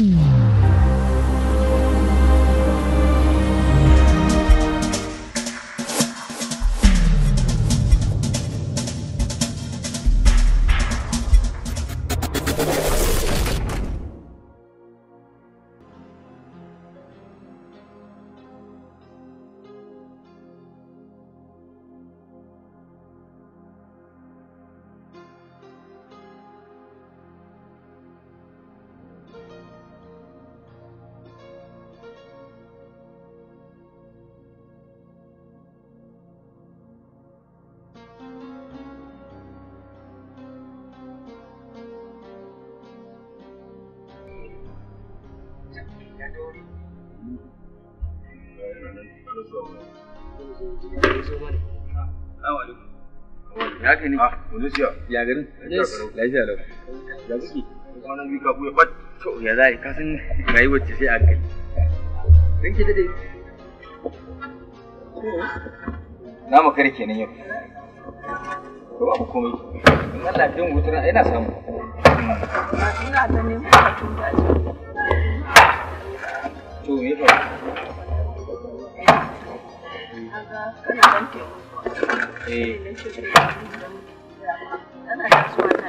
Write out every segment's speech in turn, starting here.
mm haka ah, ne ya garin lafiya lau ya kuke wani biyu ka buya bat to ya zai ka san rayuwar ce sai a kai dan ki dade na mu kare kenan yau to abu komai in Allah ya mu wutar ina samu ina da ne to me fa Eh.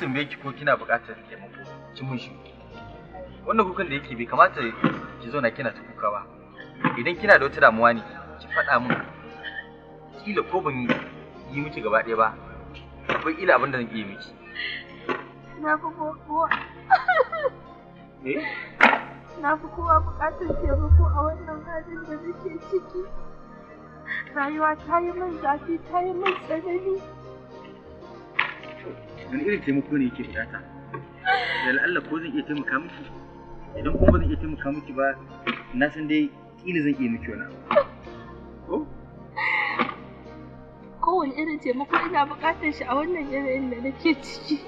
tambaye ki ko kina buƙatar taimako kin mun shi wannan kukan da yake bai kamata ki zo na kina ta kuka ba idan kina da wata damuwa ne ki faɗa min kila ko ban yi miki gaba ɗaya ba akwai kila abin da zan iya miki na fi kowa na fi kowa buƙatar taimako a wannan halin da nake ciki rayuwa ta yi min zafi ta yi min tsanani wani irin taimako ne yake bukata da la'alla ko zan iya taimaka miki idan kuma zan iya taimaka miki ba na san dai kila zan iya miki wani abu kowane irin taimako ina bukatar shi a wannan yanayin da nake ciki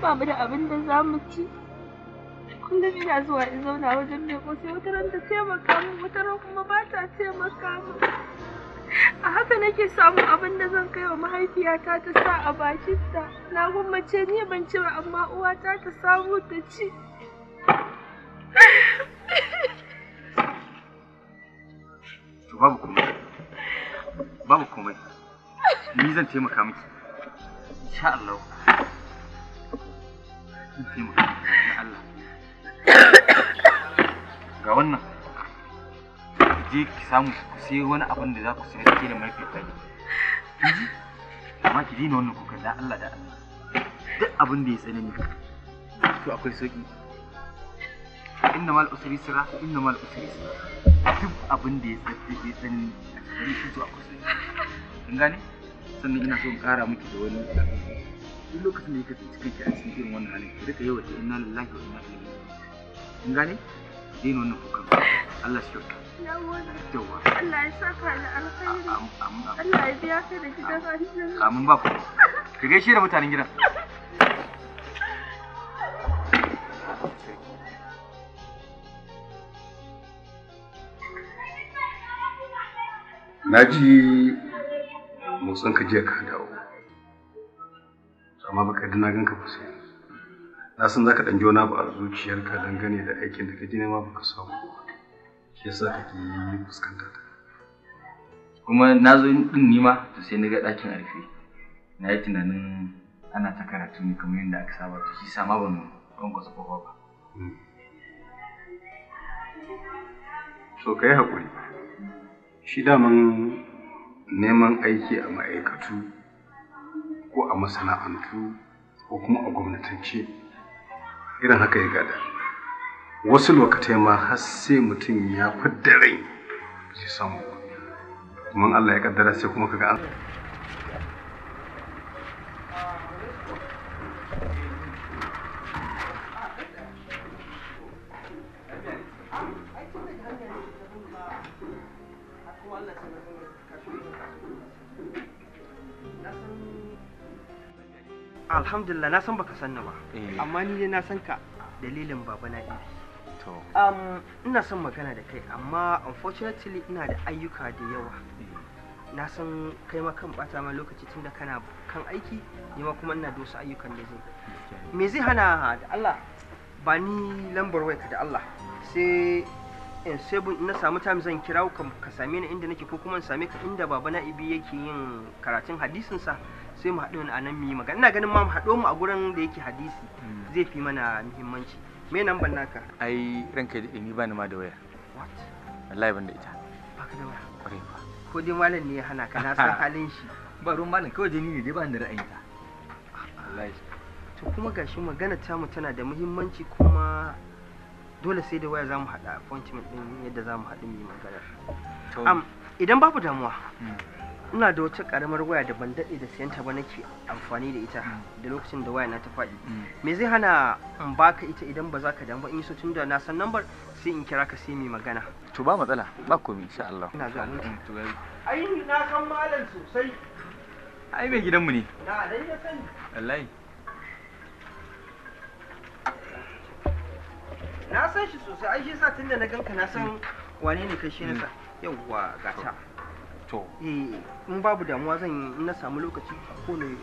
ba mu da abin da za mu ci kullum ina zuwa in zauna wajen mai kosai wata ran ta taimaka min wata ran kuma ba ta taimaka min a haka nake samun abin da zan kai wa mahaifiyata ta sa a bakinta na gwammace ni ban ci ba amma uwata ta samu ta ci to babu komai babu komai ni zan taimaka miki insha Allah zan taimaka miki Allah ga wannan je ki samu ku sai wani abin da za ku sayar ke da mai fita ne amma ki dina wannan kukan da Allah da Allah duk abin da ya tsanani to akwai sauki inna mal usri sira inna mal usri sira duk abin da ya tsanani ya a cikin shi to akwai sauki kin gane sannan ina so in kara miki da wani duk lokacin da ya kasance kanki a cikin irin wannan halin ki rika yawaita inna lillahi wa inna ilaihi kin gane dina wannan kukan Allah shi kyauta na Allah ya saka da alkhairi Allah ya biya ka da gidan aljanna amin ba ku ka gaishe da mutanen gidan na ji motsin ka jiya ka dawo amma baka da na ganka ba sai na san zaka dan jona ba a zuciyarka dangane da aikin da kake nema baka samu ba yasa kake fuskantar ta kuma na zo din nima to sai na ga ɗakin arfe na yi tunanin ana ta karatu ne kamar yadda aka saba to shi sa ma ban kwankwasa kofa ba so ka yi haƙuri shi daman neman aiki a ma'aikatu ko a masana'antu ko kuma a gwamnatance irin haka ya gada wasu lokacin ma har sai mutum ya fi rai shi samu kuma Allah ya kaddara sai kuma kaga an Alhamdulillah na san baka sanni ba eh. amma ni ne na san ka dalilin baba na Um, ina son magana da kai amma unfortunately ina da ayyuka da yawa mm. na san kai ma kan bata ma lokaci tun da kana kan aiki ni ma kuma ina da ayyukan da zai me zai hana da Allah ba ni lambar wayarka da Allah sai in na samu time zan kira ka ka same ni inda nake ko kuma in same ka inda baba na ibi yake yin karatun hadisin sa sai mu haɗu a nan mu yi magana ina ganin ma mu haɗo mu a gurin da yake hadisi mm. zai fi mana muhimmanci me nan ban naka ai ranka da ni bani ma da wayar what wallahi ban da ita baka da waya kware ba ko dai malam ne ya hana ka na san halin shi ba ruwan malam kawai dai ni ne dai ban da ra'ayi ta wallahi to kuma gashi magana ta mu tana da muhimmanci kuma dole sai da waya zamu hada appointment din yadda zamu hadu mu yi magana to idan babu damuwa hmm. ina da wata karamar waya da ban daɗe da siyan ta ba nake amfani da ita mm. da lokacin da waya na ta faɗi mm. me zai hana in baka ita idan ba za ka damu ba in so tunda da na san lambar sai in kira ka sai mai magana to ba matsala ba komai insha Allah ina ga mun mm, to ai na san malam sosai ai mai mu ne na dai ya sani wallahi na san shi sosai ai shi sa tunda na ganka na san wane ne kai shi na sa yawwa gata to eh, in babu damuwa zan yi in na samu lokaci ko ne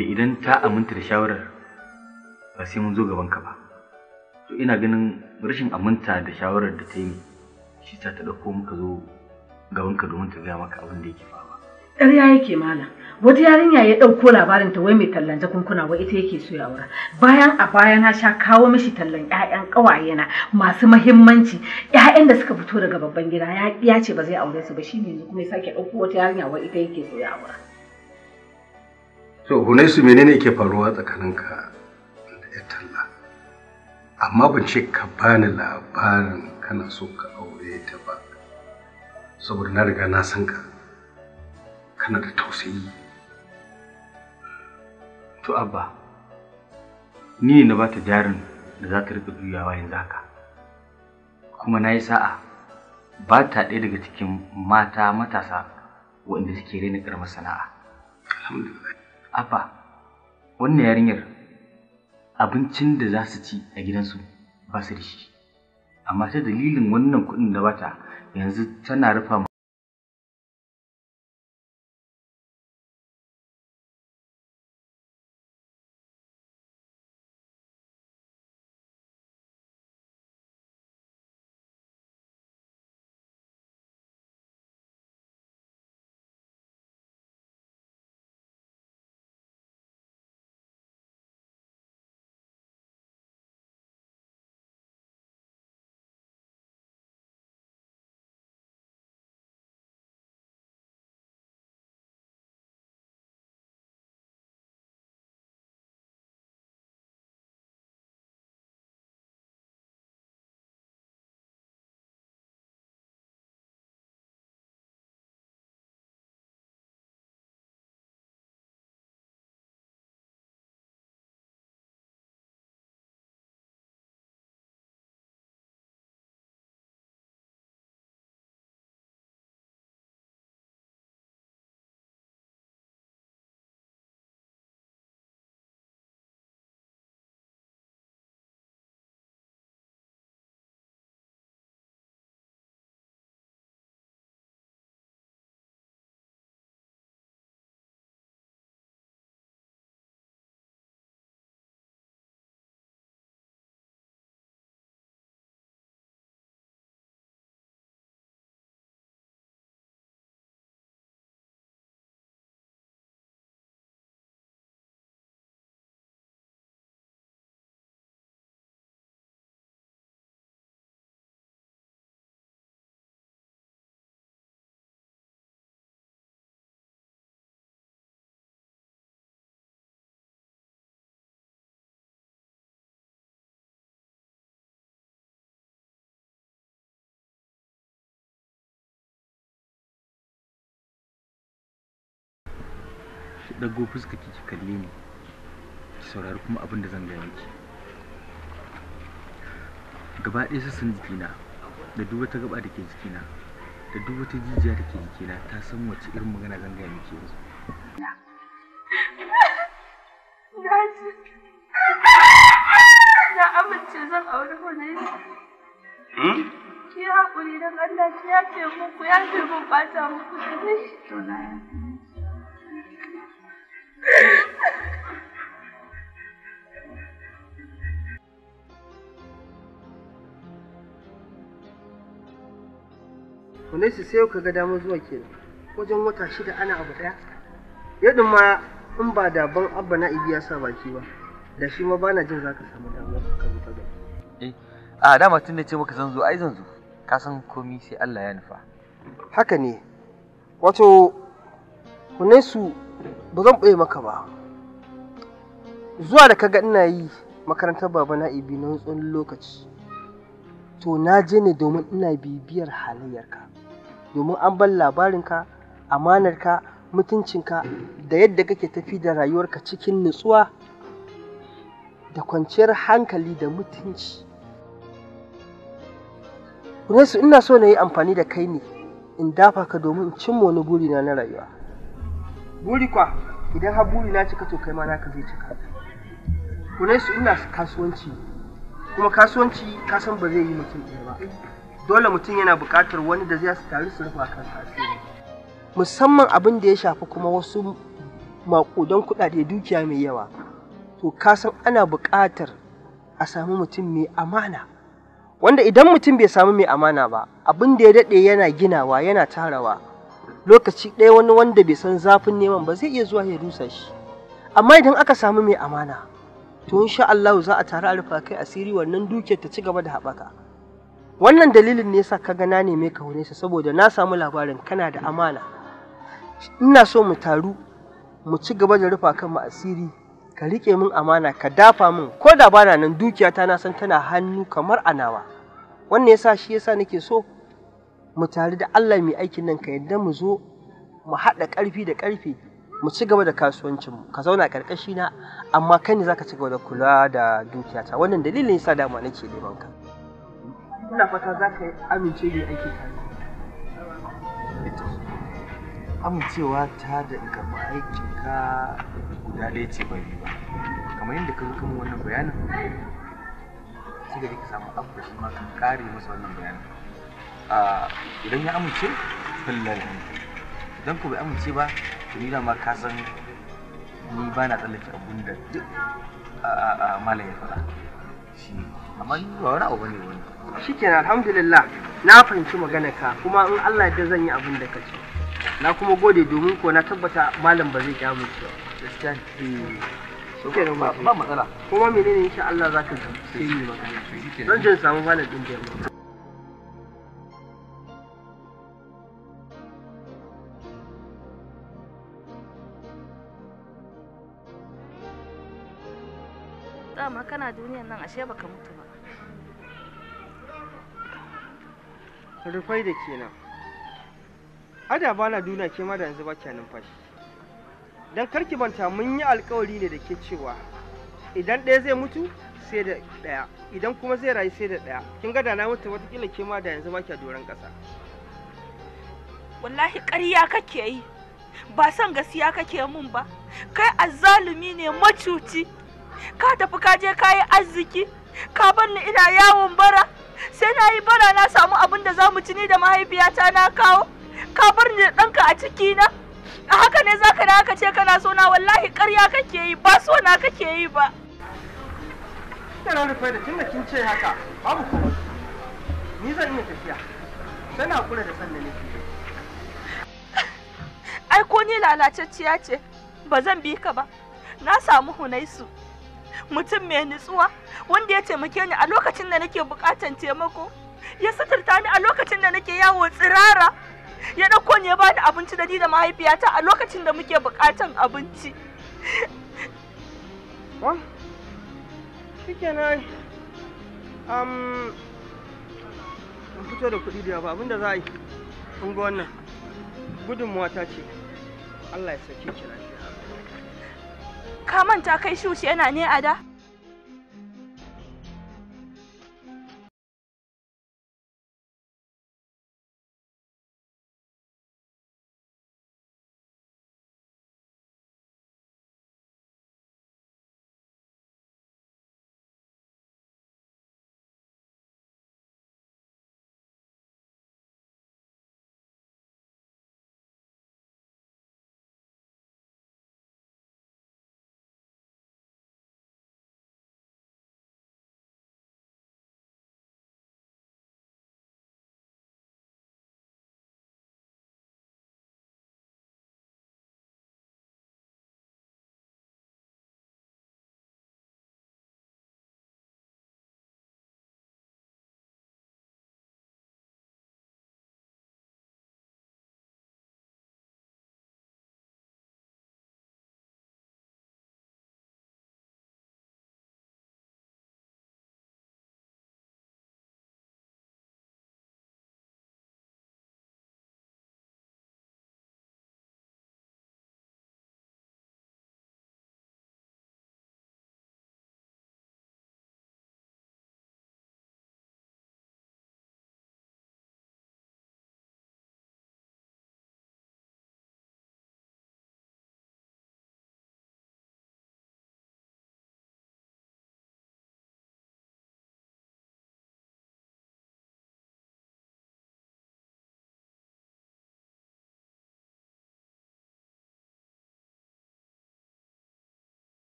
da idan ta aminta da shawarar ba sai mun zo gaban ka ba to ina ganin rashin aminta da shawarar da ta yi shi ta ta ɗauko muka zo gaban ka domin ta gaya maka abin da yake faruwa ƙarya yake malam wata yarinya ya ɗauko labarin ta wai mai tallan jakunkuna wai ita yake so ya aura bayan a baya na sha kawo mishi tallan ƴaƴan ƙawayena masu mahimmanci ƴaƴan da suka fito daga babban gida ya ce ba zai aure su ba shine yanzu kuma ya sake ɗauko wata yarinya wai ita yake so ya aura so hunaisu menene ke faruwa tsakaninka da ya talla amma ban ce ka bani labarin kana so ka aure ta ba saboda na riga na san ka kana da tausayi to abba ni na ba ta jarin da za ta rika juyawa yanzu haka kuma na yi sa'a ba ta ɗaya daga cikin mata matasa waɗanda suke raina ƙaramar sana'a alhamdulillah Afa, wannan yarinyar abincin da za su ci a gidansu ba su da shi. Amma ta dalilin wannan kuɗin da bata yanzu tana rufa dago fuska ki ki kalle ni ki saurari kuma abin da zan gaya miki gaba ɗaya sassan jikina da duk wata gaba da ke jikina da duk wata jijiya da ke jikina ta san wace irin magana zan gaya miki yanzu na amince zan aure hunayi hmm? ki haƙuri don Allah ki yafe muku yafe mun ɓata muku da ne Unaisu sai ka ga damar zuwa kenan wajen wata shida ana abu ɗaya. Yadda ma in ba da ban abba na igiya sa baki ba da shi ma bana jin ka samu damar ka zuta ta Eh a dama tun da ce maka zan zo ai zan zo ka san komi sai Allah ya nufa. Haka ne wato Unaisu ba zan ɓoye maka ba zuwa da kaga ina yi makarantar baba na ibi na tsawon lokaci to na je ne domin ina bibiyar halayyarka domin an bar labarinka amanarka mutuncinka da yadda kake tafi da rayuwarka cikin nutsuwa da kwanciyar hankali da mutunci Unesu ina so na yi amfani da kai ne in dafa ka domin in cimma wani burina na rayuwa buri kwa idan har buri na cika to kai ma naka zai cika kunai su ina kasuwanci kuma kasuwanci ka san ba zai yi mutum ɗaya ba dole mutum yana buƙatar wani da zai su taru su rufa kan kasuwa musamman abin da ya shafi kuma wasu maƙudan kuɗaɗe dukiya mai yawa to ka san ana buƙatar a samu mutum mai amana wanda idan mutum bai samu mai amana ba abin da ya daɗe yana ginawa yana tarawa lokaci ɗaya wani wanda bai san zafin neman ba zai iya zuwa ya rusa shi amma idan aka samu mai amana to insha Allah za a tare a rufa kai asiri wannan dukiyar ta ci gaba da haɓaka wannan dalilin ne yasa ka gana ne neme ka hune sa saboda na samu labarin kana da amana ina so mu taru mu ci gaba da rufa kanmu asiri ka rike min amana ka dafa min ko da bana nan dukiyata na san tana hannu kamar anawa, nawa wannan yasa shi yasa nake so mu tare da Allah mai aikin nan ka yadda mu zo mu haɗa ƙarfi da ƙarfi, mu ci gaba da kasuwancin ka zauna ƙarƙashi na amma kai ne zaka ci gaba da kula da dukiyata wannan dalilin yasa dama nake neman ka ina fata za ka amince da aiki tare amincewa ta da in aikin ka guda ɗaya ce ba ba kamar yadda ka kan wannan bayanin sai ka samu abu da shi ma ka kare masa wannan bayanin idan ya amince fillar idan ku bai amince ba to ni ma ka san ni ba na tsallake abun da duk malam ya faɗa shi amma ni ba wani abu ne wani shikenan alhamdulillah na fahimci magana ka kuma in Allah ya zan yi abun da ka ce na kuma gode domin ko na tabbata malam ba zai kyamu ce gaskiya eh, shikenan ba matsala kuma menene insha Allah za ka sai ni magana zan je samu malam din da kana duniyan nan ashe baka mutu ba rufai da kenan ada ba na duna ke ma da yanzu ba kya numfashi don karki banta mun yi alkawari ne da ke cewa idan ɗaya zai mutu sai da ɗaya idan kuma zai rayu sai da ɗaya kin ga da na mutu watakila ke ma da yanzu ba kya doron ƙasa wallahi ƙarya kake yi ba son gaskiya kake mun ba kai azzalumi ne macuci ka tafi ka je ka yi arziki ka bar ni ina yawon bara sai na yi bara na samu abin da za mu ci ni da mahaifiyata na kawo ka bar ni da ɗanka a ciki na a haka ne zaka da aka ce kana so na wallahi ƙarya kake yi ba so na kake yi ba kin ce haka babu ni zan iya tafiya sai na hakura da san da ai ko ni lalacecciya ce ba zan bi ka ba na samu hunaisu mutum mai nutsuwa wanda ya taimake ni a lokacin da nake bukatan taimako ya suturta ni a lokacin da nake yawo tsirara ya dauko ni ya bani abinci da ni da mahaifiyata a lokacin da muke bukatan abinci am an fito da kuɗi da ba abinda za a yi kun ga wannan gudun ta ce Allah ya saki ki lafiya ka manta kai shushe yana ne a da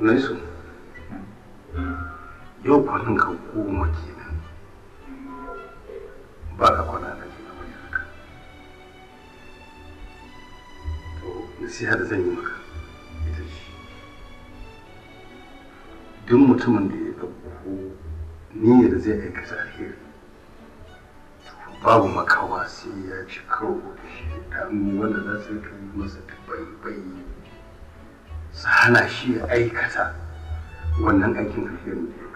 Naisu, yau kwanan ka goma kenan ba ka kwana na ke kamar yarka. To, nasiha da zan yi maka ita ce. Duk mutumin da ya ɗauko niyyar zai aikata alheri. babu makawa sai ya ci karo da shi wanda za su yi masa tabbai bai su hana shi ya aikata wannan aikin alherin da ya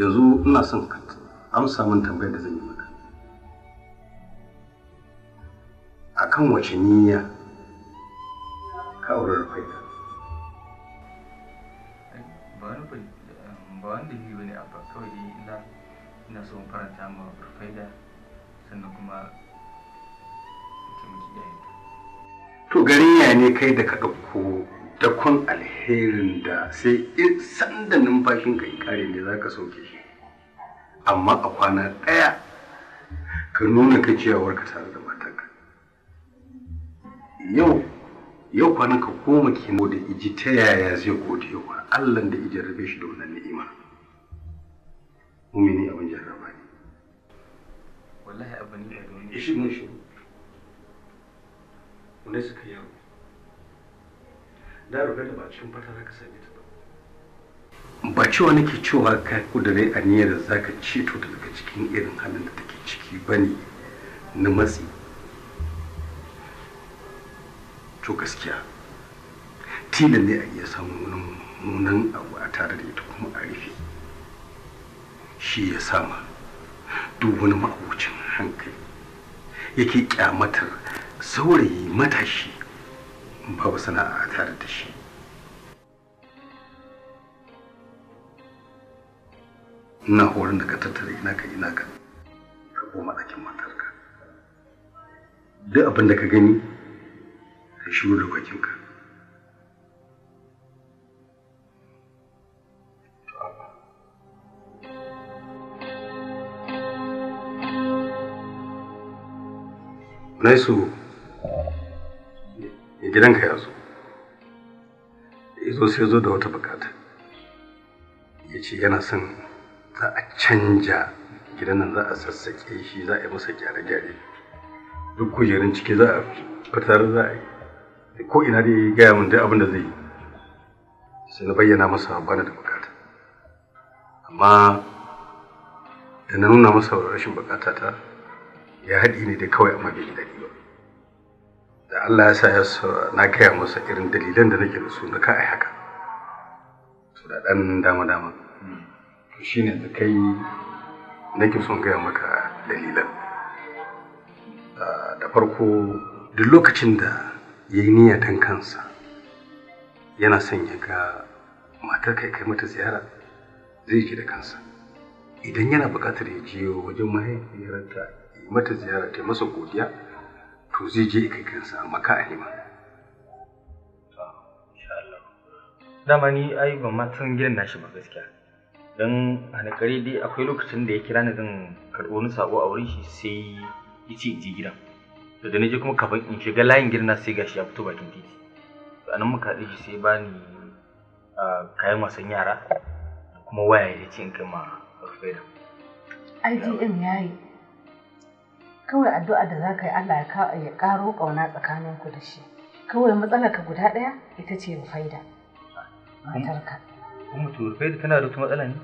yanzu ina son amsa min tambayar da zan yi maka kan wace niyya ka aure rufaida ba wani yi wani dalili ba ne a kawai ina son faranta ma rufaida sannan kuma hanya ne kai da ka ɗauko dakon alherin da sai sanda numfashin ka kare ne za ka sauke shi amma a kwana ɗaya ka nuna ka ciyawar ka tare da matanka yau yau kwanan ka koma kino da iji ta yaya zai gode wa Allah da iji rabe shi da wannan ni'ima mumini abin jarraba ne wallahi abin ne da wani shi mun shi ne suka yau da rufe da ba ka ta ba cewa nake cewa ka kudure niyyar da za ka ceto ta daga cikin irin halin da take ciki ba ne na matsi to gaskiya tilin ne a iya samun wani munan abu a tare da ita kuma a rufe shi ya sama duk wani ma'abucin hankali yake kyamatar saurayi matashi babu sana'a a tare da shi ina horon da ka tattara ina ka ina ka ka koma ɗakin matarka duk abin da ka gani ka shigo da bakinka Nice. gidanka ya zo ya zo sai zo da wata bukata ya ce yana son za a canja gidan nan za a sassaƙe shi za a yi masa gyare-gyare duk kujerun ciki za a fitar za a yi ko ina da ya gaya min duk abin da zai yi sai na bayyana masa bana da bukata amma da na nuna masa rashin bukata ta ya haɗi ne da kawai amma bai ji daɗi ba da Allah ya sa ya na gaya masa irin dalilan da nake da su na kai haka to da dan dama dama to shine da kai nake son gaya maka dalilan ah, da farko duk lokacin da ya yi niyatan kansa yana son ya ga matar kai kai mata ziyara zai ji da kansa idan yana buƙatar ya je wajen mahaifiyarta mata ziyara ta masa godiya to zai je kai kansa maka a nema. dama ni ai ban ma san gidan nashi ba gaskiya don a nakare dai akwai lokacin da ya kira ni zan karɓi wani sako a wurin shi sai ya ce in je gidan to da je kuma kafin in shiga layin gidan sai gashi ya fito bakin titi to nan muka haɗe shi sai bani kayan wasan yara kuma waya ya ce in kai ma rufaida IGM ya yi kawai addu'a da za ka yi Allah ya ƙaro ƙauna tsakaninku da shi kawai matsalar ka guda ɗaya ita ce rufaida matarka kuma to rufaida tana da wata matsala ne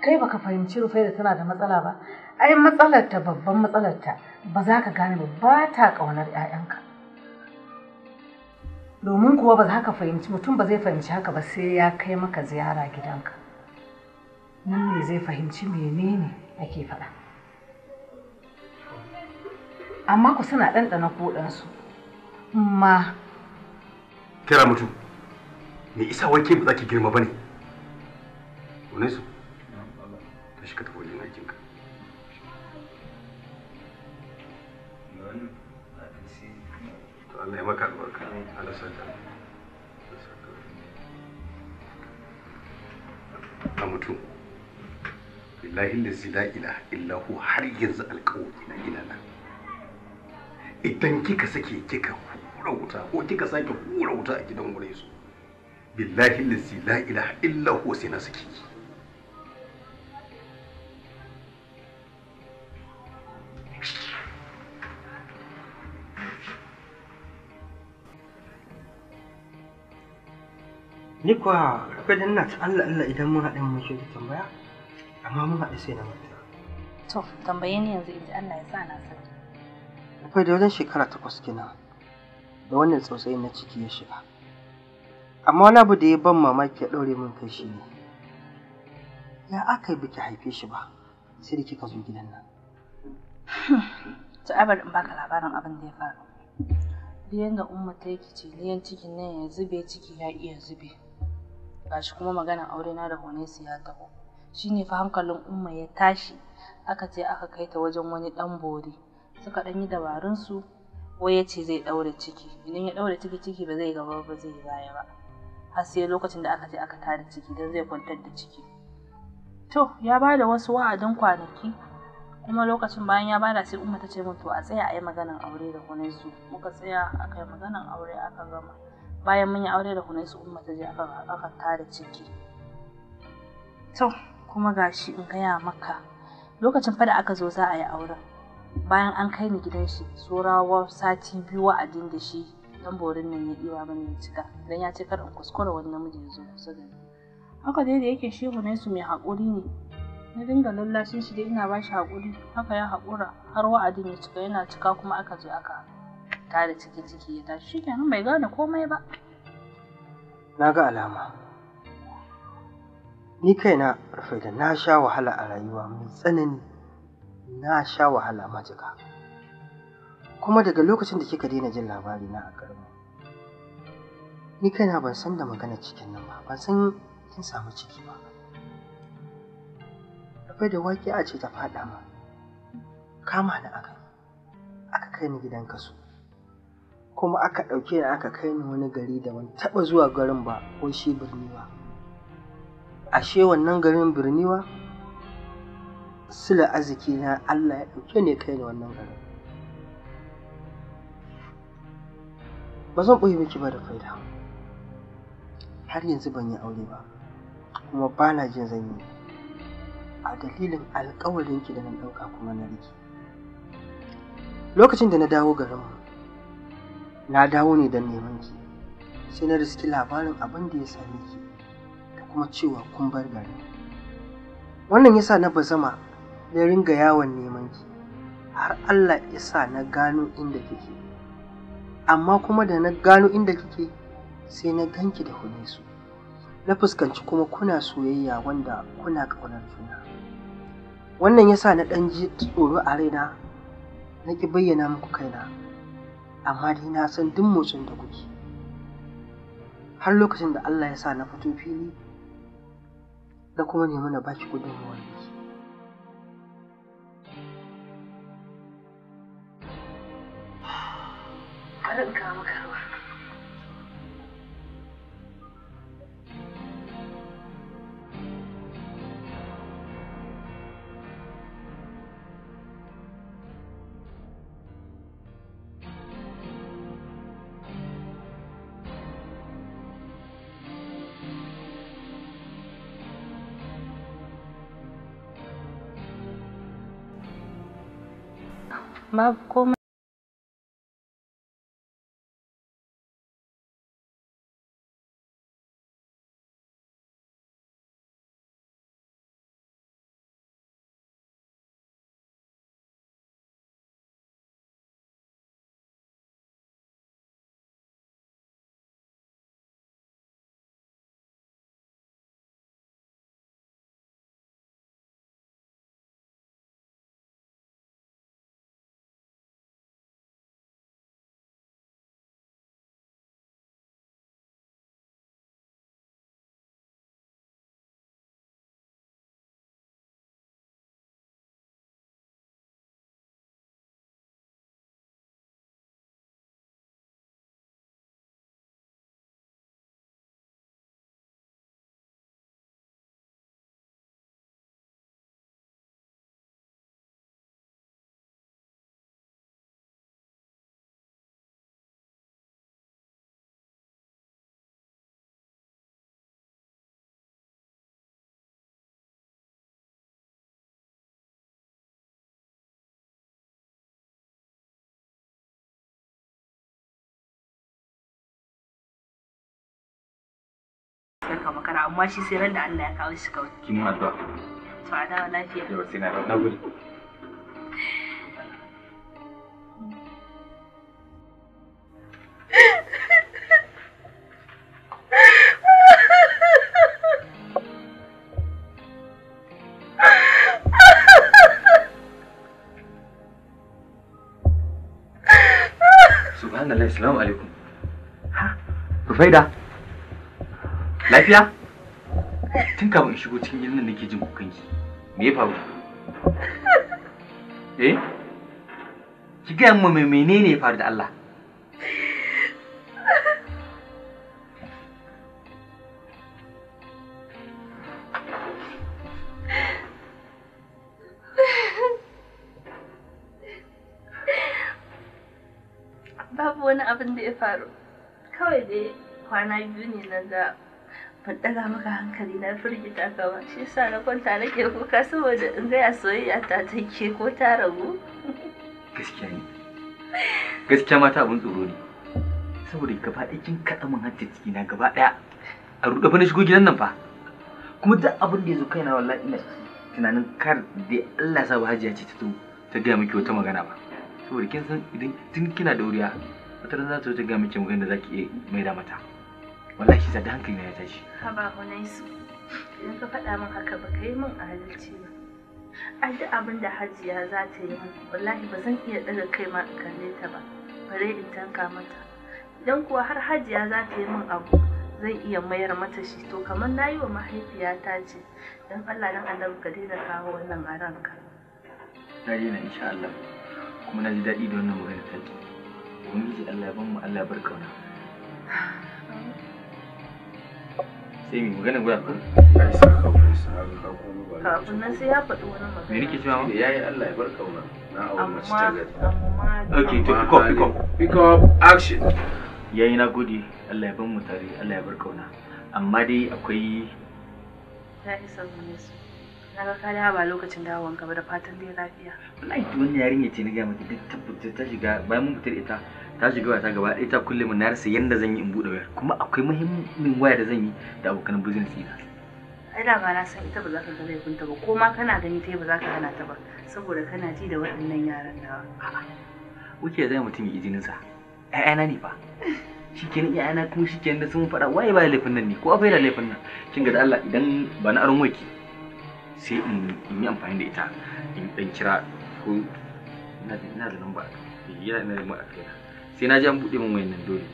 kai baka fahimci rufaida tana da matsala ba ai matsalar ta babban matsalar ta ba za ka gane ba ba ta ƙaunar ƴaƴanka domin kuwa ba za ka fahimci mutum ba zai fahimci haka ba sai ya kai maka ziyara gidanka nan ne zai fahimci menene ake faɗa. amma ku suna ɗanɗana koɗansu ma kira mutu me isa wanke ba za ki girma ba ne wani su ta shi ka tafi wajen aikinka to Allah ya maka albarka Allah saka a mutu billahi lazi la ilaha illahu har yanzu alƙawari na gidana idan kika sake kika hura wuta ko kika sake hura wuta a gidan gure su billahi lissi la ilaha illa huwa sai na saki. ni kwa ka dan na ta Allah Allah idan mun haɗin mun shiga tambaya amma mun haɗu sai na mata to tambaye ni yanzu idan Allah ya sa na sani Akwai da wajen shekara takwas kenan da wannan tsautsayin na ciki ya shiga. Amma wani abu da ya ban mamaki ya ɗaure min kai shi ne. Ya aka yi biki haife shi ba sai da kika zo gidan nan. Ta'abar in baka labarin abin da ya faru. Liyan da umma ta yi ce liyan cikin nan ya zube ciki ya iya zube. Gashi kuma magana aure na da su ya taho. Shine fa hankalin umma ya tashi aka ce aka kai ta wajen wani ɗan bori. suka ɗan yi dabarunsu ko ya ce zai ɗaure ciki idan ya ɗaure ciki ciki ba zai gaba ba zai baya ba har sai lokacin da aka je aka tada ciki don zai kwantar da ciki to ya ba da wasu wa'adin kwanaki kuma lokacin bayan ya bada sai umma ta ce min to a tsaya a yi maganan aure da hunaisu muka tsaya aka yi maganan aure aka gama bayan mun yi aure da hunaisu umma ta je aka aka tada ciki to kuma gashi in gaya maka lokacin fa da aka zo za a yi auren bayan an kai ni gidan shi tsorawa sati biyu wa'adin da shi dan borin nan ya diwa mani ya cika dan ya ce kar in kuskura wani namiji ya zo kusa da ni haka dai da yake shehu ne su mai haƙuri ne na dinga lallashin shi dai ina ba shi haƙuri haka ya haƙura har wa'adin ya cika yana cika kuma aka zo aka tare ciki ciki ya tashi kenan bai gane komai ba na ga alama ni kaina rufe da na sha wahala a rayuwa mai tsanani na sha wahala ma jika. Kuma daga lokacin da kika daina jin labari na a garinmu. ni kaina ban san da magana cikin nan ba, ban san kin samu ciki ba. akwai da wake a ce ta faɗa ma, kama ni aka aka kai ni gidan kasu Kuma aka ɗauke ni aka kai ni wani gari da ban taɓa zuwa garin ba ko shi birni Ashe wannan garin birniwa? sila arziki na Allah ya ɗauke ne kai da wannan gari ba zan ɓoye miki ba da faida har yanzu ban yi aure ba kuma ba na jin zan yi a dalilin alkawarinki da na ɗauka kuma na riki lokacin da na dawo garin na dawo ne don neman ki sai na riski labarin abin da ya same ki da kuma cewa kun bar garin wannan yasa na bazama na ringa yawon neman ki har Allah isa na gano inda kike amma kuma da na gano inda kike sai na ganki da su. na fuskanci kuma kuna soyayya wanda kuna ƙaunar juna wannan yasa na ɗan ji tsoro a raina na ƙi bayyana muku kaina amma dai na san duk motsin da kuke har lokacin da Allah ya sa na fito fili da kuma nemi na baki ne doesn't come cool. babu come. ka makara amma shi sai ran da Allah ya kawo shi kawai kin addu'a to a dawo lafiya yau sai na Subhanallah, assalamu alaikum. Ha, Rufaida, lafiya? Tun kafin in shigo cikin gidan nake jin kukanki. Me ya faru? Eh? Ki gaya mu me menene ya faru da Allah? Babu wani abin da ya faru. Kawai dai kwana biyu ne na ga ban ɗaga maka hankali na firgita ka ba shi yasa na kwanta nake kuka saboda in gaya soyayya ta take ko ta ragu gaskiya ne gaskiya mata abin tsoro ne saboda gaba ɗaya kin kaɗa min hatta ciki na gaba ɗaya a ruɗa fa na shigo gidan nan fa kuma duk abin da ya zo kaina wallahi ina tunanin kar da Allah ya saba hajiya ce ta zo ta gaya miki wata magana ba saboda kin san idan tun kina da wuriya wata ran za ta zo ta gaya miki magana da zaki iya maida mata wallahi za da hankali na ya tashi ha ba su idan ka faɗa min haka ba kai min adalci ba a duk abin da hajiya za ta yi wallahi ba zan iya ɗaga kai ma in kalle ta ba bare in tanka mata idan kuwa har hajiya za ta yi min abu zan iya mayar mata shi to kamar na yi wa mahaifiyata ce don allah don allah ka daina kawo wannan a ranka na daina insha allah kuma na ji daɗi da wannan magana ta ubangiji allah ya ban mu allah ya bar kauna sai mai magana guda ko kafin nan sai ya faɗi wani magana me nake cewa ya yi Allah ya bar kauna na aure mace ta okay to pick up pick up pick up action yayi na gode Allah ya bar mu tare Allah ya bar kauna amma dai akwai ta isa mu na ka dawo ba lokacin dawon ka ba da fatan dai lafiya wallahi wannan yarinya ce na ga mata duk tabbata ta shiga bayan mun fitar ita ta shiga wata gaba ɗaya ta kulle mun na rasa yanda zan yi in buɗe wayar kuma akwai muhimmin waya da zan yi da abokan business ina ai da ba na san ita ba za ka gane kunta ba ko ma kana gani ta ba za ka hana ta ba saboda kana ji da waɗannan yaran da wuce zai mutum yi jinin sa ƴaƴana ne fa shikenan ƴaƴana kuma shikenan da sun faɗa waye ba laifin nan ne ko akwai da laifin nan kin ga da Allah idan ba na aron waki sai in yi amfani da ita in dan kira ko ina da da lamba yana da lamba a kaina sai na ji an buɗe min wayan nan dole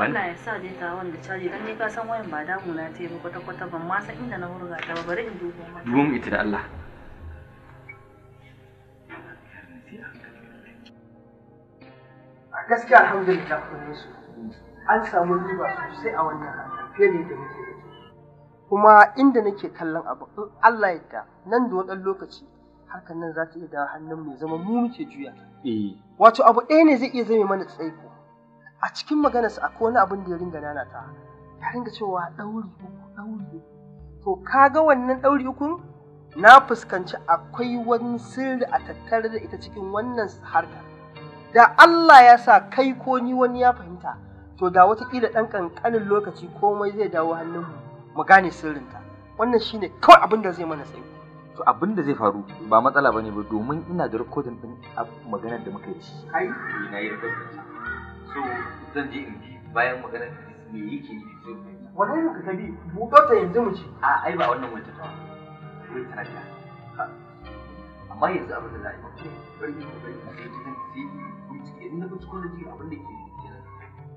Allah ya sa dai ta wanda caji dan ne ka san wayan ba damu na ta yi ba kwata kwata ban ma san inda na hurga ta ba bari in dubo mata dubo mu ita da Allah gaskiya alhamdulillah kun su an samu riba sosai a wannan rana fiye da yadda muke kuma inda nake kallon abu in Allah ya ta nan da wadan lokaci harkar nan za ta iya dawo hannun mai zama mu muke juya eh. Wato abu ɗaya ne zai iya zame mana tsaiko. A cikin maganarsa akwai wani abin da ya ringa nanata. Ya ringa cewa ɗauri uku ɗauri uku. To kaga wannan ɗauri uku? na fuskanci akwai wani sirri a tattare da ita cikin wannan harkar. Da Allah ya sa kai ko ni wani ya fahimta to da watakila ɗan ƙanƙanin lokaci komai zai dawo hannunmu mu gane sirrinta. Wannan shine kawai abin da zai mana tsaiko. to abin da zai faru ba matsala bane ba domin ina da rikodin din maganar da muka yi shi ai eh, na yi rikodin sa so zan je in bi bayan maganar me yake yi so wannan ka bi buɗar ta yanzu mu ce. a ai ba wannan wata ta wai tana da amma yanzu abin da za a yi mafi bari ne ko bari a sai ta sai bincike in na binciko na ji abin da ke kenan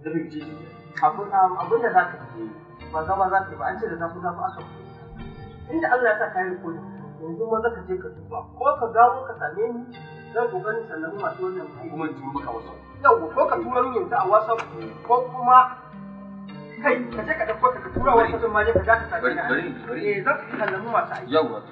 na bincike shi um, abin da za ka ce ba zama za ka yi ba an ce da zafi zafi aka fi inda Allah ya sa kayan kodin yanzu ma zaka je ka duba ko ka gawo ka same ni zan gani sannan masu wannan kuma in turo maka wasu yau ko ka tura min yanzu a whatsapp ko kuma kai ka je ka dauko ka tura wasu din ma je ka ga ka same ni eh zan sallamu masu aiki yau wato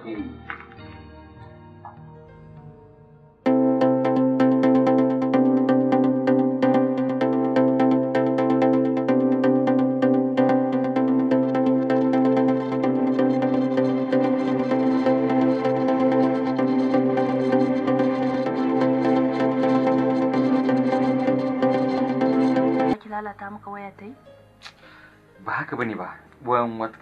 lalata maka waya ta yi? Ba haka ne ba.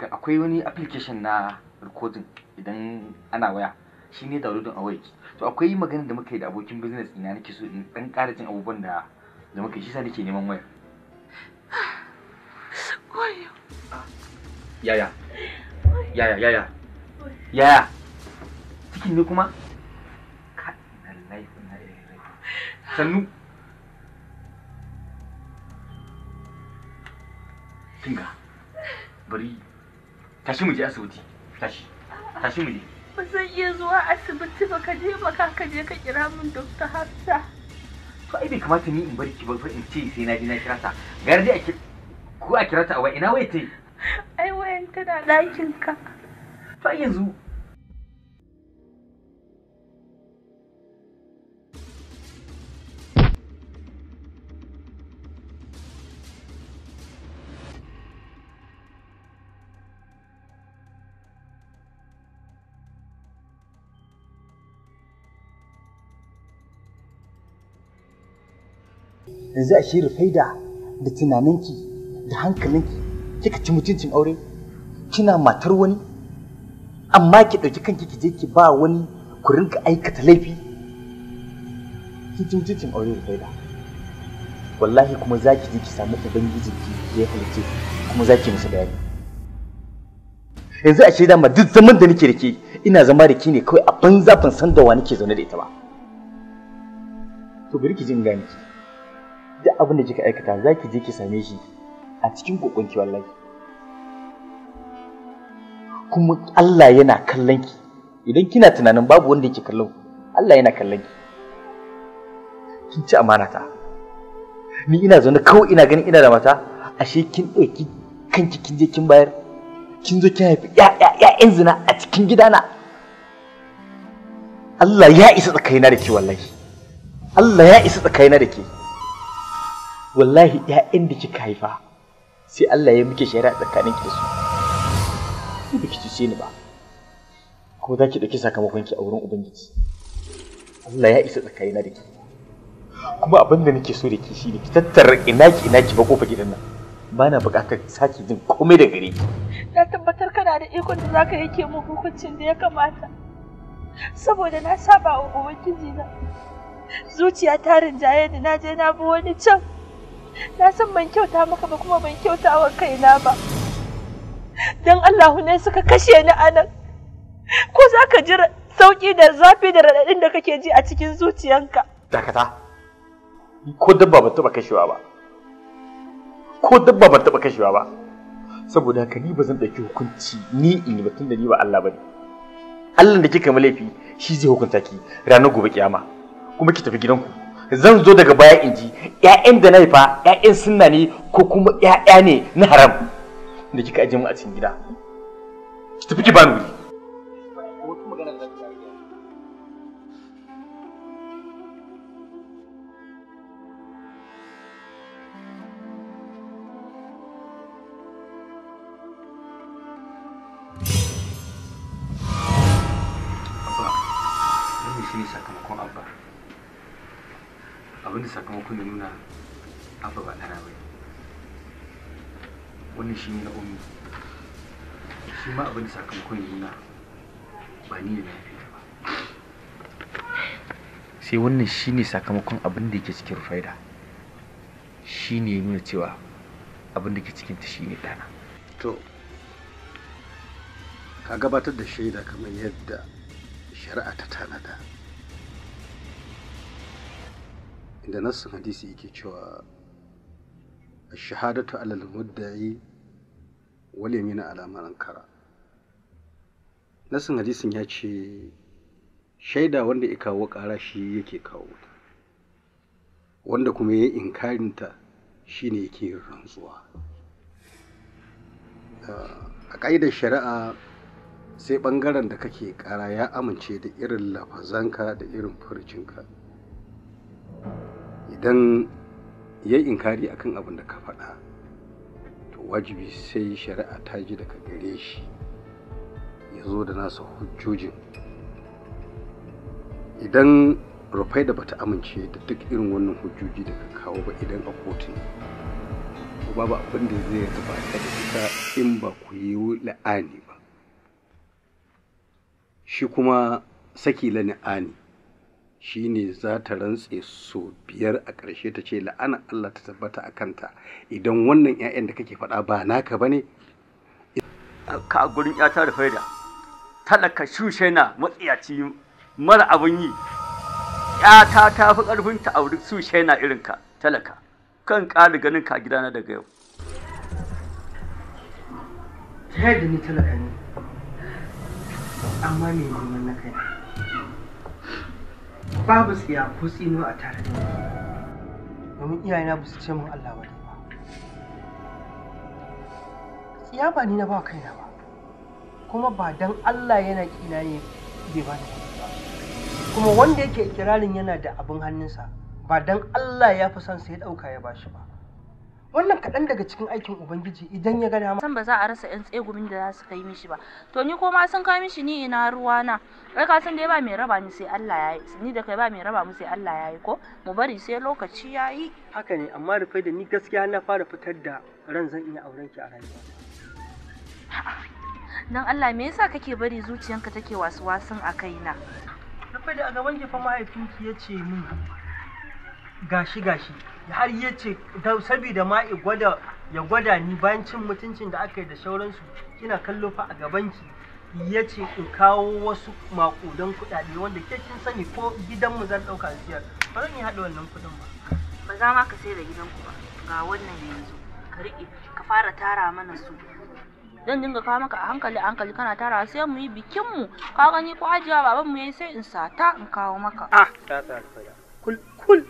akwai wani application na recording idan ana waya shi ne downloading a To akwai magana da muka yi da abokin business ina nake so in dan ƙara jin abubuwan da da muka yi shi sa nake neman waya. Koyo. Ah, yaya. Yaya yaya. Yaya. Cikin ne kuma? Ka laifin na Sannu. kinga bari tashi mu je asibiti tashi tashi mu je ba zan iya zuwa asibiti ba ka je ba ka ka je ka kira min dokta hafsa to ai bai kamata ni in bari ki ba in ce sai na je na kira ta dai a ko a kira ta a ina wai tai ai wayan tana ɗakin ka Fa yanzu yanzu a shirin faida da tunaninki da hankalinki kika ci mutuncin aure kina matar wani amma ki ɗauki kanki ki je ki ba wani ku rinka aikata laifi Ki ci mutuncin aure da faida. wallahi kuma za ki je ki samu ubangiji ki ya halice kuma za ki musu bayani yanzu a shaida ma duk zaman da nake da ke ina zama da ki ne kawai a banza ban san da wa nake zaune da ita ba to bari ki jin gani duk abin da kika aikata za ki je ki same shi a cikin kokonki wallahi kuma Allah yana kallon ki idan kina tunanin babu wanda yake kallon Allah yana kallon ki kin ci amana ta ni ina zaune kawai ina ganin ina da mata ashe kin ɗauki kanki kin je kin bayar kin zo kin haifi ƴaƴan zina a cikin gidana Allah ya isa tsakaina da ke wallahi Allah ya isa tsakaina da ke wallahi ‘ya'yan da kika haifa sai Allah ya muke shari'a tsakaninki da su ba ki cuce ni ba kuma za ki ɗauki ki a wurin ubangiji Allah ya isa tsakanina da ke kuma abin da nake so da ke shi ne ki tattara ina ki ina ki ba kofa gidan nan ba na buƙatar sake jin komai da gare ki na tabbatar kana da ikon da zaka yake mu hukuncin da ya kamata saboda na saba wa ubangiji na zuciya ta rinjaye da na je na bi wani can na san ban kyauta maka ba kuma ban kyauta wa kaina ba don Allah ne suka kashe ni anan ko za ka ji sauƙi da zafi da raɗaɗin da kake ji a cikin zuciyanka dakata ko dabba ban taɓa kashewa ba ko dabba ban taɓa kashewa ba saboda haka ni ba zan ɗauki hukunci ni in ba, tun da ni ba Allah ba ne Allah da kika laifi shi zai hukunta ki ranar gobe kiyama kuma ki tafi gidanku zan zo daga baya in ji ƴaƴan da na haifa ƴaƴan sunna ne ko kuma 'ya'ya ne na haram da kika aje mu a cikin gida ki tafi ki ba wuri Thank you. abinda sakamakon ya nuna abu ba ɗana bai wannan shi ne na omi. shi ma abinda sakamakon ya nuna ba ni ne na ba sai wannan shi ne sakamakon abin da yake cikin rufaida shi ne nuna cewa abin da ke cikinta shi ne ɗana to ka gabatar da shaida kamar yadda shari'a ta tanada inda nassin hadisi yake cewa a shahadatu alal mudda'i wal yamina ala man ankara nassin hadisin ya ce shaida wanda ya kawo ƙara shi yake kawo wanda kuma ya yi inkarinta shine ne yake yin rantsuwa ah, a ƙa'idar shari'a sai ɓangaren da kake ƙara ya amince da irin lafazanka da irin furcinka idan ya inkari akan abin da ka faɗa to wajibi sai shari'a ta ji daga gare shi ya zo da nasa hujjojin idan rufai da bata amince da duk irin wannan hujjoji da ka kawo ba idan a kotu ne babu abin da zai raba ta da ita in ba ku yi la'ani ba shi kuma saki la'ani shine za ta rantse so biyar a ƙarshe ta ce la'ana Allah ta tabbata a kanta idan wannan 'ya'yan da kake faɗa ba naka ne? ka a gurin ya ta rufe da talaka shushe na matsiyaci mara abin yi ya ta ta fi ƙarfin ta auri shushe na irin ka talaka kan ƙari ganin ka gidana daga yau ta yadda ni talaka ne amma me neman na kai babu tsiya ko tsino a tare da domin iyayena ba su ce min Allah wani ba tsiya ba ni na ba kaina ba kuma ba dan Allah yana kina ne bai ba ni kuma wanda yake ikirarin yana da abin hannunsa ba dan Allah ya fi son sai ya ɗauka ya bashi ba wannan kaɗan daga cikin aikin ubangiji idan ya gada san ba za a rasa yan tsegumin da za su kai mishi ba to ni ko ma sun kai mishi ni ina ruwa na kai ka san dai ba mai raba ni sai Allah ya yi ni da kai ba mai raba mu sai Allah ya yi ko mu bari sai lokaci ya yi haka ne amma rufai da ni gaskiya na fara fitar da ran zan iya auren ki a rayuwa dan Allah me yasa kake bari zuciyanka take wasu wasan a kaina rufai da a gaban fa mahaifinki ya ce min gashi gashi har ya ce saboda ma ya gwada ni bayan cin mutuncin da aka yi da sauransu kina kallo fa a gabanki ya ce in kawo wasu makudan kuɗaɗe wanda ke kin sani ko gidanmu zan ɗauka in siyar ba zan yi haɗa wannan kudin ba ba za ma ka sai da gidanku ba ga wannan yanzu ka riƙe ka fara tara mana su zan dinga kawo maka a hankali a hankali kana tara sai mu yi bikin mu ka gani ko ajiya babanmu yayi sai in sata in kawo maka ah ta ta kul kul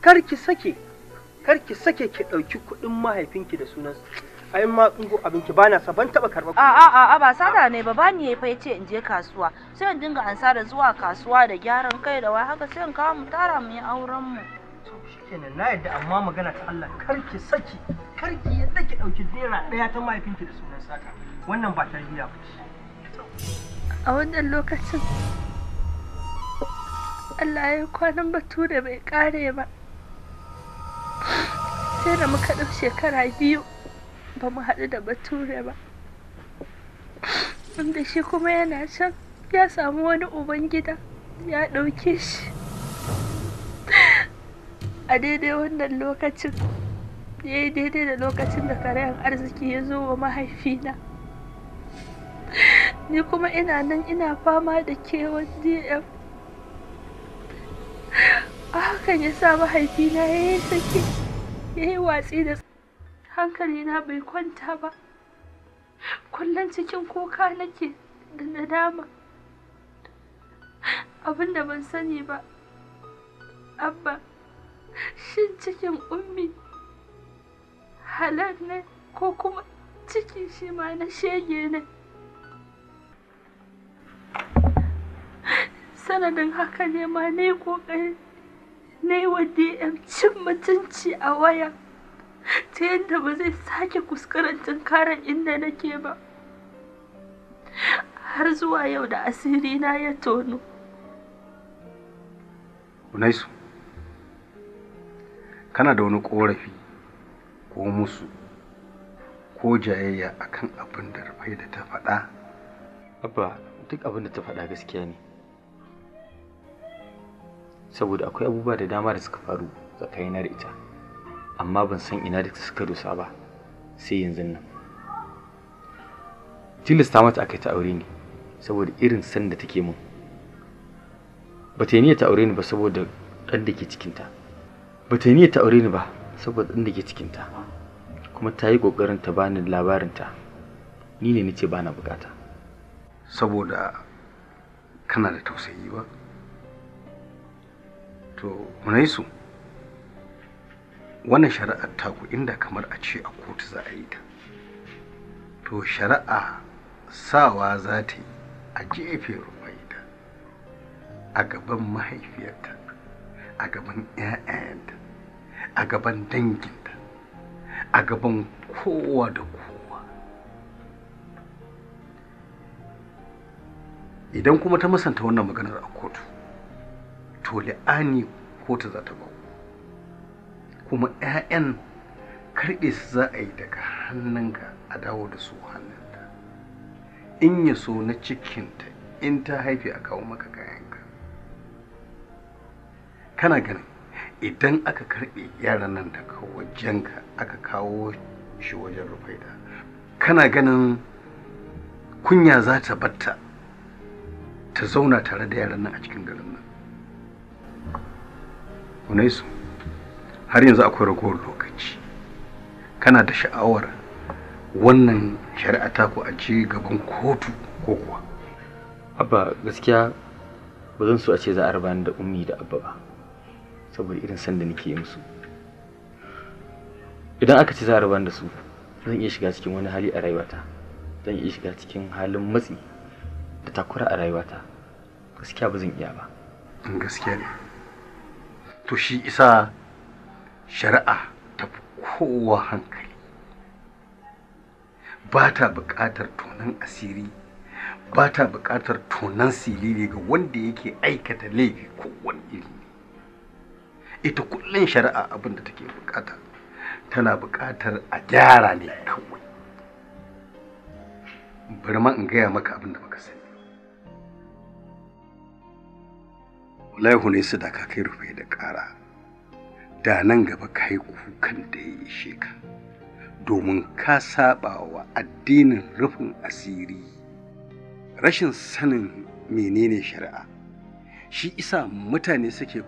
kar ki sake karki ki sake ki ɗauki kuɗin mahaifinki da sunansa ai ma tsungo abinki ba na ban taba karɓa a a a ba sada ne ba bani yayi fa yace in je kasuwa sai in dinga ansa da zuwa kasuwa da gyaran kai da wai haka sai in kawo mu tara mu yi auren mu shikenan na yadda amma magana ta Allah kar ki saki kar ki dauki naira daya ta mahaifinki da sunan saka wannan ba tarbiya ba a wannan lokacin Allah ya kwanan bature bai kare ba sai da muka ɗau shekara biyu ba mu haɗu da bature ba wanda shi kuma yana can ya samu wani uban gida ya ɗauke shi a daidai wannan lokacin ya yi daidai da lokacin da karayan arziki ya zo wa mahaifina ni kuma ina nan ina fama da kewan dm a hakan ya sa mahaifina ya yi sake ya yi watsi da hankali na bai kwanta ba kullum cikin kuka nake da nadama abin da ban sani ba abba shin cikin ummi halar ne ko kuma ciki shi ma na shege ne sanadin haka ne ma ne ƙoƙari na yi wa dm cin mutunci a waya ta yadda ba zai sake kuskuren karan inda nake ba har zuwa yau da asiri na ya tono unaisu kana da wani korafi ko musu ko jayayya akan abin da rufai da ta faɗa abba duk abin da ta faɗa gaskiya ne saboda akwai abubuwa da dama da suka faru tsakanina da ita amma ban san ina da suka dosa ba sai yanzu nan tilasta mata aka ta aure ni saboda irin san da take mun. ba ta yi ta aure ni ba saboda ɗan da ke cikinta ba ta yi ta aure ni ba saboda ɗan da ke cikinta kuma ta yi ƙoƙarin ta bani labarinta ni ne nace ba na bukata saboda kana da tausayi ba to su wannan shari'ar taku inda kamar a ce a kotu za a yi ta to shari'a sawa za ta yi a jefe rumaida a gaban mahaifiyarta a gaban 'ya'yanta a gaban danginta a gaban kowa da kowa idan kuma ta masanta wannan maganar a kotu to li'ani kotu za ta ba kuma 'ya'yan karɓe su za a yi daga hannunka a dawo da su hannunta in ya so na cikinta in ta haife a kawo maka kayanka kana ganin idan aka karɓe yaran nan daga wajenka aka kawo shi wajen rufaida kana ganin kunya za ta batta ta zauna tare da yaran nan a cikin garin nan unaisu har yanzu akwai ragowar lokaci kana da sha'awar wannan shari'a ta ku a ci gaban kotu ko kuwa abba gaskiya ba zan so a ce za a raba da ummi da abba ba saboda irin sanda nake musu idan aka ce za a raba da su zan iya shiga cikin wani hali a rayuwata zan iya shiga cikin halin matsi da takura a rayuwata gaskiya ba zan iya ba gaskiya ne to shi isa shari'a ta fi kowa hankali ba ta buƙatar tonan asiri ba ta buƙatar tonan silili ga wanda yake aikata laifi ko wani iri ita kullum shari'a abin da take buƙata tana buƙatar a gyara ne kawai bari ma in gaya maka abin da baka sani wallahi ne su da ka kai rufe da ƙara da nan gaba ka yi kukan da ya ishe ka domin ka saba wa addinin rufin asiri rashin sanin menene shari'a shi isa mutane suke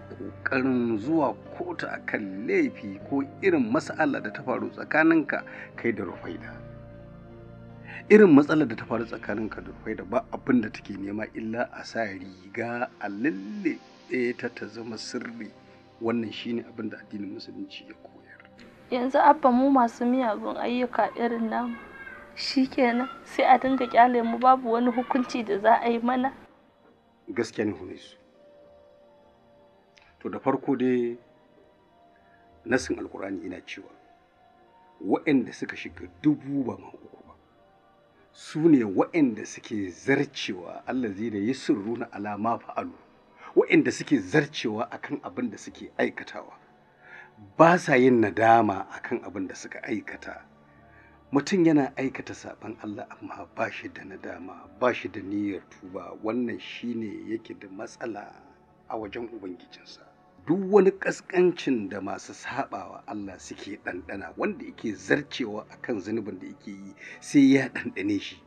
ƙoƙarin zuwa kotu a kan laifi ko irin matsala da ta faru tsakaninka kai da rufaida irin matsalar da ta faru tsakaninka da rufaida ba abin da take nema illa a sa riga a lalle ɗaya ta zama sirri wannan shine abin da addinin musulunci ya koyar yanzu abba mu masu miyagun ayyuka irin namu kenan sai a dinga kyale mu babu wani hukunci da za a yi mana gaskiya ne su. to da farko dai nasin alkurani ina cewa waɗanda suka shiga dubu ba ma uku ba su ne waɗanda suke zarcewa allazi da yi sirruna alama fa'alu waɗanda suke zarcewa akan abin da suke aikatawa ba sa yin nadama akan abin da suka aikata mutum yana aikata saɓan Allah amma ba shi da nadama ba shi da niyyar tuba wannan shine yake da matsala a wajen ubangijinsa duk wani ƙasƙancin da masu saɓawa Allah suke ɗanɗana wanda yake zarcewa akan zunubin da yake yi sai ya ɗanɗane shi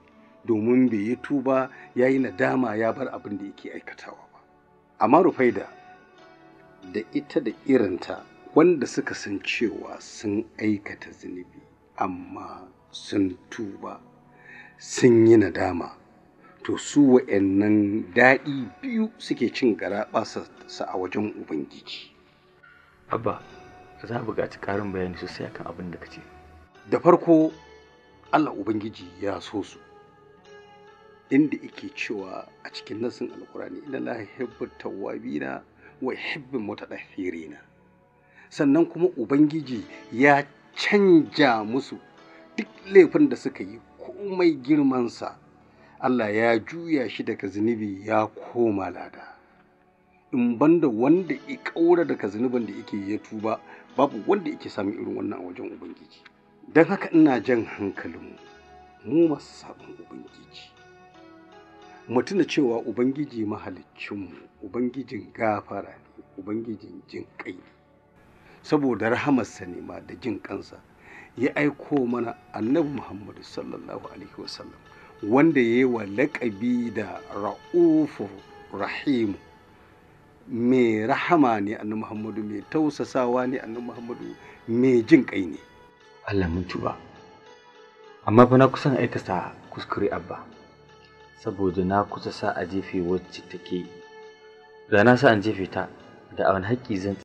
domin bai yi tuba ya yi nadama ya bar abin da yake aikatawa amma rufaida da ita da irinta wanda suka san cewa sun aikata zunubi amma sun tuba sun yi nadama to su wa'annan daɗi biyu suke cin gara sa a wajen ubangiji abba za a buƙaci ƙarin bayani sosai akan abin da ka ce da farko allah ubangiji ya so su inda yake cewa a cikin nasin alkurani inna la hibbu tawabina wa hibbu mutatahhirina sannan kuma ubangiji ya canja musu duk laifin da suka yi komai girmansa Allah ya juya shi daga zunubi ya koma lada in banda wanda ya kaura daga zunubin da yake ya tuba babu wanda yake samun irin wannan a wajen ubangiji don haka ina jan hankalinmu mu masu sabon ubangiji mu tuna cewa ubangiji mahaliccinmu ubangijin gafara ne ubangijin jin kai saboda rahamarsa ne ma da jin kansa ya aiko mana annabi muhammadu sallallahu alaihi wasallam wanda ya yi wa laƙabi da ra'ufu rahimu mai rahama ne annabi muhammadu mai tausasawa ne annabi muhammadu mai jin kai ne allah mun tuba amma fa na kusan aikasa kuskure abba saboda na kusa sa a jefe wacce take da na sa an jefe ta da wani haƙƙi zan